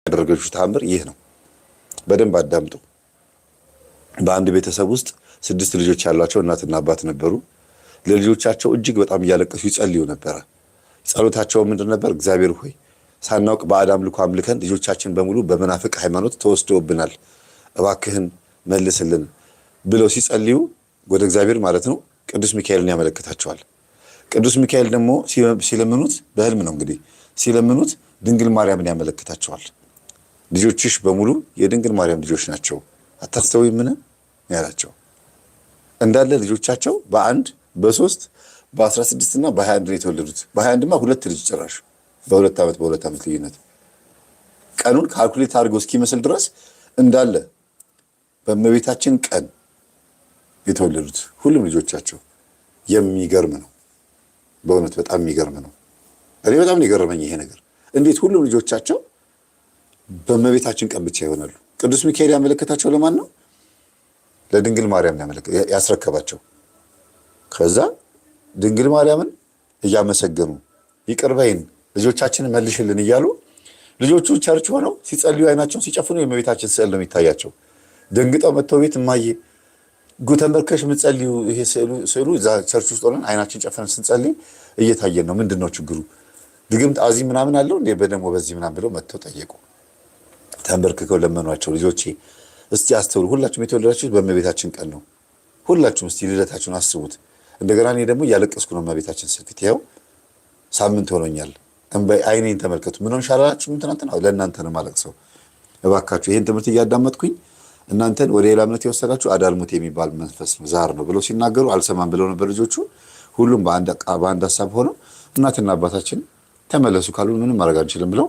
ያደረገችው ታምር ይህ ነው። በደንብ አዳምጡ። በአንድ ቤተሰብ ውስጥ ስድስት ልጆች ያሏቸው እናትና አባት ነበሩ። ለልጆቻቸው እጅግ በጣም እያለቀሱ ይጸልዩ ነበረ። ጸሎታቸው ምንድን ነበር? እግዚአብሔር ሆይ ሳናውቅ በአዳም ልኮ አምልከን ልጆቻችን በሙሉ በመናፍቅ ሃይማኖት ተወስደውብናል፣ እባክህን መልስልን ብለው ሲጸልዩ ወደ እግዚአብሔር ማለት ነው ቅዱስ ሚካኤልን ያመለክታቸዋል። ቅዱስ ሚካኤል ደግሞ ሲለምኑት በህልም ነው እንግዲህ ሲለምኑት ድንግል ማርያምን ያመለክታቸዋል። ልጆችሽ በሙሉ የድንግል ማርያም ልጆች ናቸው ምንም ያላቸው እንዳለ ልጆቻቸው በአንድ በሶስት በአስራ ስድስት እና በሀያ አንድ ነው የተወለዱት። በሀያ አንድማ ሁለት ልጅ ጭራሽ በሁለት ዓመት በሁለት ዓመት ልዩነት ቀኑን ካልኩሌት አድርገው እስኪመስል ድረስ እንዳለ በእመቤታችን ቀን የተወለዱት ሁሉም ልጆቻቸው የሚገርም ነው። በእውነት በጣም የሚገርም ነው። እኔ በጣም ነው የገረመኝ ይሄ ነገር እንዴት ሁሉም ልጆቻቸው በእመቤታችን ቀን ብቻ ይሆናሉ። ቅዱስ ሚካኤል ያመለከታቸው ለማን ነው? ለድንግል ማርያም ያስረከባቸው። ከዛ ድንግል ማርያምን እያመሰገኑ ይቅርበይን ልጆቻችን ልጆቻችንን መልሽልን እያሉ ልጆቹ ቸርች ሆነው ሲጸልዩ አይናቸውን ሲጨፍኑ የእመቤታችን ስዕል ነው የሚታያቸው። ደንግጠው መጥተው ቤት እማዬ ጉተመርከሽ የምትጸልዩ ይሄ ስዕሉ እዛ ቸርች ውስጥ ሆነን አይናችን ጨፍነን ስንጸልይ እየታየን ነው። ምንድን ነው ችግሩ? ድግምት አዚህ ምናምን አለው እንዴ በደግሞ በዚህ ምናምን ብለው መጥተው ጠየቁ። ተንበርክከው ለመኗቸው። ልጆቼ እስቲ አስተውሉ። ሁላችሁም የተወለዳችሁት በእመቤታችን ቀን ነው። ሁላችሁም እስቲ ልደታችሁን አስቡት። እንደገና እኔ ደግሞ እያለቀስኩ ነው እመቤታችን ስልክት ያው ሳምንት ሆኖኛል። እንባይ አይኔን ተመልከቱ። ምን ሆንሽ አላላችሁም? ትናንትና ለእናንተ ነው ማለት ሰው። እባካችሁ ይህን ትምህርት እያዳመጥኩኝ እናንተን ወደ ሌላ እምነት የወሰዳችሁ አዳልሙት የሚባል መንፈስ ነው ዛር ነው ብለው ሲናገሩ አልሰማም ብለው ነበር ልጆቹ። ሁሉም በአንድ ሀሳብ ሆነው እናትና አባታችን ተመለሱ ካሉ ምንም ማድረግ አንችልም ብለው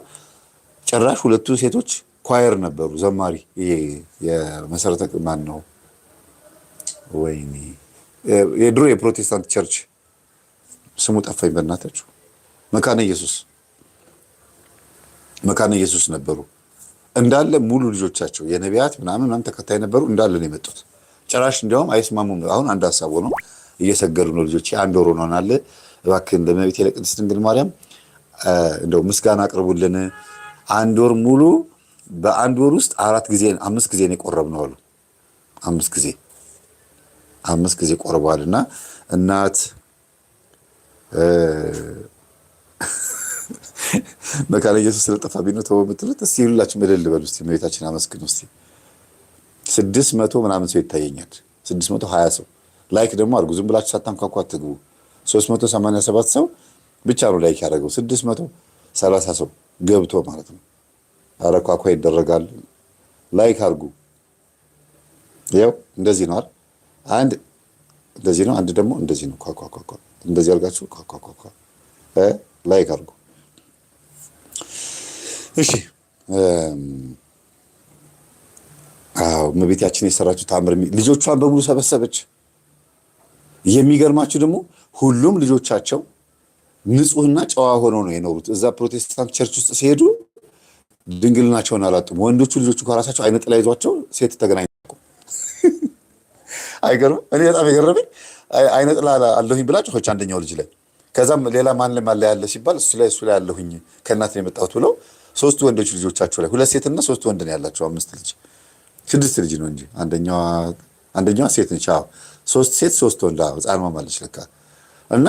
ጭራሽ ሁለቱ ሴቶች ኳየር ነበሩ፣ ዘማሪ የመሰረተ ማን ነው ወይ የድሮ የፕሮቴስታንት ቸርች ስሙ ጠፋኝ፣ በእናታችሁ መካነ ኢየሱስ መካነ ኢየሱስ ነበሩ እንዳለ ሙሉ ልጆቻቸው የነቢያት ምናምን ምናምን ተከታይ ነበሩ። እንዳለ ነው የመጡት። ጭራሽ እንዲያውም አይስማሙም። አሁን አንድ ሀሳብ ነው እየሰገዱ ነው። ልጆች አንድ ወር ሆኖናል። እባክህን ለእመቤቴ ለቅድስት ድንግል ማርያም እንደው ምስጋና አቅርቡልን። አንድ ወር ሙሉ በአንድ ወር ውስጥ አራት ጊዜ አምስት ጊዜ ነው የቆረብነው አሉ። አምስት ጊዜ አምስት ጊዜ ቆርበዋል። እና እናት መካነ ኢየሱስ ስለጠፋብኝ ነው ተው የምትሉት እስቲ ሁላችሁ መደል በሉ እስቲ እመቤታችን አመስግኑ እስቲ። ስድስት መቶ ምናምን ሰው ይታየኛል። ስድስት መቶ ሀያ ሰው ላይክ ደግሞ አድርጉ። ዝም ብላችሁ ሳታንኳኳ አትግቡ። ሶስት መቶ ሰማንያ ሰባት ሰው ብቻ ነው ላይክ ያደረገው። ስድስት መቶ ሰላሳ ሰው ገብቶ ማለት ነው። አረኳኳ ይደረጋል። ላይክ አድርጉ። ያው እንደዚህ ነው አይደል? አንድ እንደዚህ ነው፣ አንድ ደግሞ እንደዚህ ነው። ኳኳኳኳ እንደዚህ አድርጋችሁ ኳኳኳኳ ላይክ አድርጉ። እሺ አዎ እመቤታችን የሰራችው ታምር ልጆቿን በሙሉ ሰበሰበች። የሚገርማችሁ ደግሞ ሁሉም ልጆቻቸው ንጹህና ጨዋ ሆነው ነው የኖሩት። እዛ ፕሮቴስታንት ቸርች ውስጥ ሲሄዱ ድንግልናቸውን አላጡም። ወንዶቹ ልጆቹ ከራሳቸው አይነ ጥላ ይዟቸው ሴት ተገናኝ አይገርም። እኔ በጣም የገረመኝ አይነ ጥላ አለሁኝ ብላችሁ ሆች አንደኛው ልጅ ላይ ከዛም ሌላ ማን ማለ ያለ ሲባል እሱ ላይ እሱ ላይ አለሁኝ ከእናት የመጣሁት ብለው ሶስት ወንዶች ልጆቻቸው ላይ ሁለት ሴትና ሶስት ወንድ ነው ያላቸው። አምስት ልጅ ስድስት ልጅ ነው እንጂ አንደኛዋ ሴት ነች። አዎ ሶስት ሴት ሶስት ወንድ ህፃን ማለች ለካ እና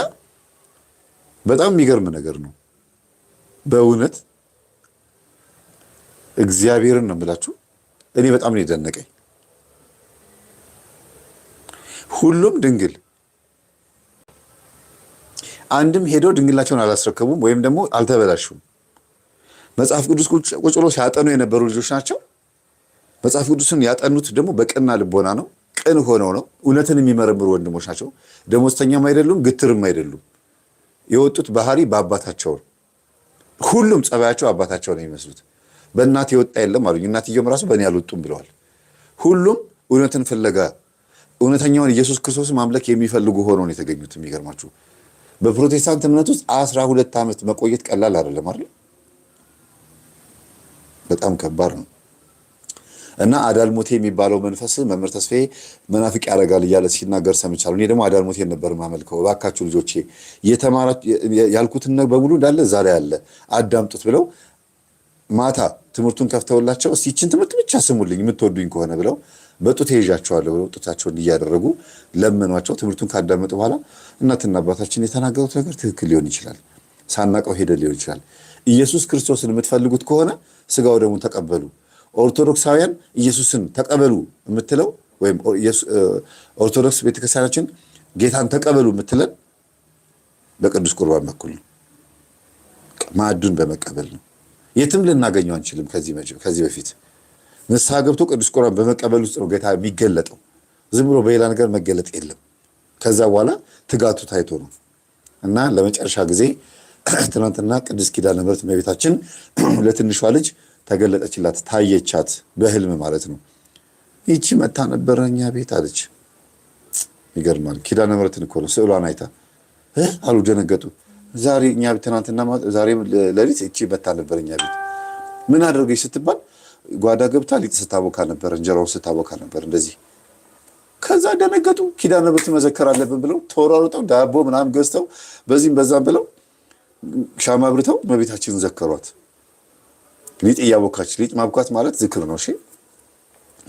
በጣም የሚገርም ነገር ነው በእውነት እግዚአብሔርን ነው የምላችሁ። እኔ በጣም ነው የደነቀኝ። ሁሉም ድንግል አንድም ሄደው ድንግላቸውን አላስረከቡም ወይም ደግሞ አልተበላሹም። መጽሐፍ ቅዱስ ቁጭ ብሎ ሲያጠኑ የነበሩ ልጆች ናቸው። መጽሐፍ ቅዱስን ያጠኑት ደግሞ በቅና ልቦና ነው። ቅን ሆነው ነው። እውነትን የሚመረምሩ ወንድሞች ናቸው። ደሞዝተኛም አይደሉም፣ ግትርም አይደሉም። የወጡት ባህሪ በአባታቸው ሁሉም ጸባያቸው አባታቸው ነው የሚመስሉት። በእናት የወጣ የለም አሉኝ። እናትየውም ራሱ በእኔ አልወጡም ብለዋል። ሁሉም እውነትን ፍለጋ እውነተኛውን ኢየሱስ ክርስቶስ ማምለክ የሚፈልጉ ሆነው ነው የተገኙት። የሚገርማችሁ በፕሮቴስታንት እምነት ውስጥ አስራ ሁለት ዓመት መቆየት ቀላል አይደለም አይደል? በጣም ከባድ ነው። እና አዳልሞቴ የሚባለው መንፈስ መምህር ተስፋዬ መናፍቅ ያደርጋል እያለ ሲናገር ሰምቻለሁ። እኔ ደግሞ አዳልሞቴን ነበር ማመልከው። እባካችሁ ልጆቼ ያልኩትን በሙሉ እንዳለ ዛሬ አለ አዳምጡት ብለው ማታ ትምህርቱን ከፍተውላቸው እስኪ ይችን ትምህርት ብቻ ስሙልኝ የምትወዱኝ ከሆነ ብለው መጡ። ተይዣቸዋለሁ ብለው ጡታቸውን እያደረጉ ለመኗቸው። ትምህርቱን ካዳመጡ በኋላ እናትና አባታችን የተናገሩት ነገር ትክክል ሊሆን ይችላል፣ ሳናቀው ሄደ ሊሆን ይችላል። ኢየሱስ ክርስቶስን የምትፈልጉት ከሆነ ስጋው ደግሞ ተቀበሉ። ኦርቶዶክሳውያን ኢየሱስን ተቀበሉ የምትለው ወይም ኦርቶዶክስ ቤተክርስቲያናችን ጌታን ተቀበሉ የምትለን በቅዱስ ቁርባን በኩል ነው፣ ማዕዱን በመቀበል ነው። የትም ልናገኘው አንችልም። ከዚህ በፊት ንስሐ ገብቶ ቅዱስ ቁርባን በመቀበል ውስጥ ነው ጌታ የሚገለጠው። ዝም ብሎ በሌላ ነገር መገለጥ የለም። ከዛ በኋላ ትጋቱ ታይቶ ነው እና ለመጨረሻ ጊዜ ትናንትና ቅድስት ኪዳነ ምሕረት እመቤታችን ለትንሿ ልጅ ተገለጠችላት፣ ታየቻት፣ በህልም ማለት ነው። ይቺ መታ ነበረ እኛ ቤት አለች። ይገርማል። ኪዳነ ምሕረትን እኮ ነው ስዕሏን አይታ አሉ፣ ደነገጡ። ዛሬ እኛ ቤት ትናንትና ዛሬ ለሊት እቺ በታ ነበር እኛ ቤት። ምን አደረገች ስትባል ጓዳ ገብታ ሊጥ ስታቦካ ነበር፣ እንጀራው ስታቦካ ነበር እንደዚህ። ከዛ ደነገጡ። ኪዳነ ምህረት መዘከር አለብን ብለው ተወራሩጠው ዳቦ ምናምን ገዝተው በዚህም በዛም ብለው ሻማ አብርተው እመቤታችንን ዘከሯት። ሊጥ እያቦካች ሊጥ ማብኳት ማለት ዝክር ነው። እሺ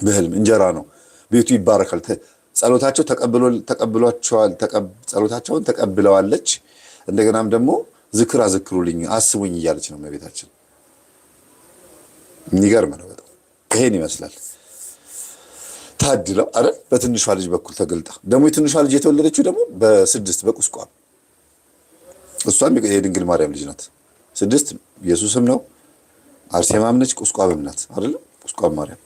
በህልም እንጀራ ነው። ቤቱ ይባረካል። ጸሎታቸው ተቀብሏቸዋል። ጸሎታቸውን ተቀብለዋለች። እንደገናም ደግሞ ዝክር አዘክሩልኝ አስቡኝ እያለች ነው እመቤታችን። የሚገርም ነው በጣም ይሄን ይመስላል። ታድለው አይደል? በትንሿ ልጅ በኩል ተገልጣ ደግሞ የትንሿ ልጅ የተወለደችው ደግሞ በስድስት በቁስቋም እሷም የድንግል ማርያም ልጅ ናት። ስድስት ኢየሱስም ነው፣ አርሴማም ነች፣ ቁስቋምም ናት አይደለም ቁስቋም ማርያም